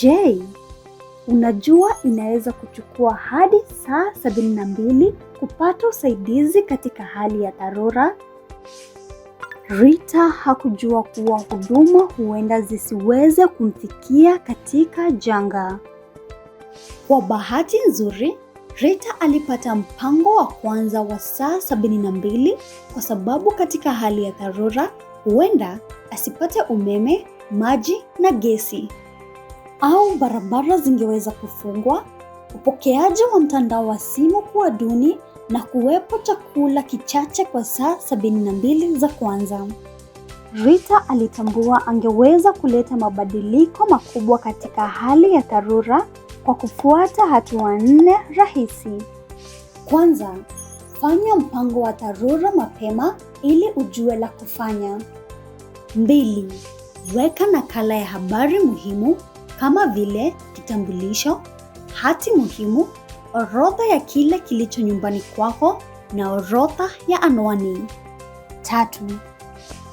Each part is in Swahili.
Je, unajua inaweza kuchukua hadi saa 72 kupata usaidizi katika hali ya dharura? Rita hakujua kuwa huduma huenda zisiweze kumfikia katika janga. Kwa bahati nzuri, Rita alipata mpango wa kwanza wa saa 72 kwa sababu katika hali ya dharura huenda asipate umeme, maji na gesi au barabara zingeweza kufungwa, upokeaji wa mtandao wa simu kuwa duni na kuwepo chakula kichache kwa saa 72 za kwanza. Rita alitambua angeweza kuleta mabadiliko makubwa katika hali ya dharura kwa kufuata hatua nne rahisi. Kwanza, fanya mpango wa dharura mapema ili ujue la kufanya. Mbili, weka nakala ya habari muhimu kama vile kitambulisho, hati muhimu, orodha ya kile kilicho nyumbani kwako na orodha ya anwani. Tatu,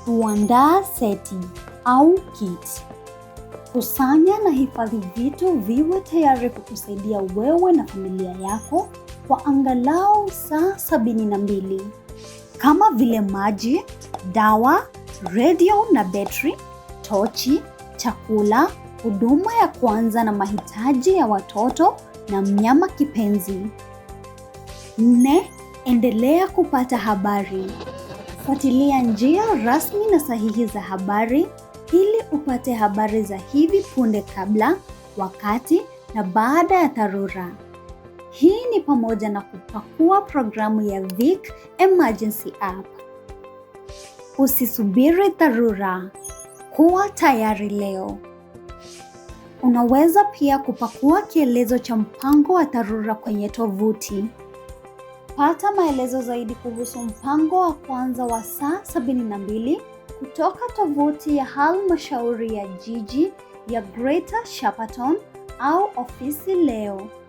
huandaa seti au kit. Kusanya na hifadhi vitu viwe tayari kukusaidia wewe na familia yako kwa angalau saa sabini na mbili kama vile maji, dawa, redio na betri, tochi, chakula huduma ya kwanza na mahitaji ya watoto na mnyama kipenzi. Nne, endelea kupata habari. Fuatilia njia rasmi na sahihi za habari ili upate habari za hivi punde kabla, wakati na baada ya dharura. Hii ni pamoja na kupakua programu ya Vic Emergency App. Usisubiri dharura. Kuwa tayari leo. Unaweza pia kupakua kielezo cha mpango wa dharura kwenye tovuti. Pata maelezo zaidi kuhusu mpango wa kwanza wa saa 72 kutoka tovuti ya halmashauri ya jiji ya Greater Shepparton au ofisi leo.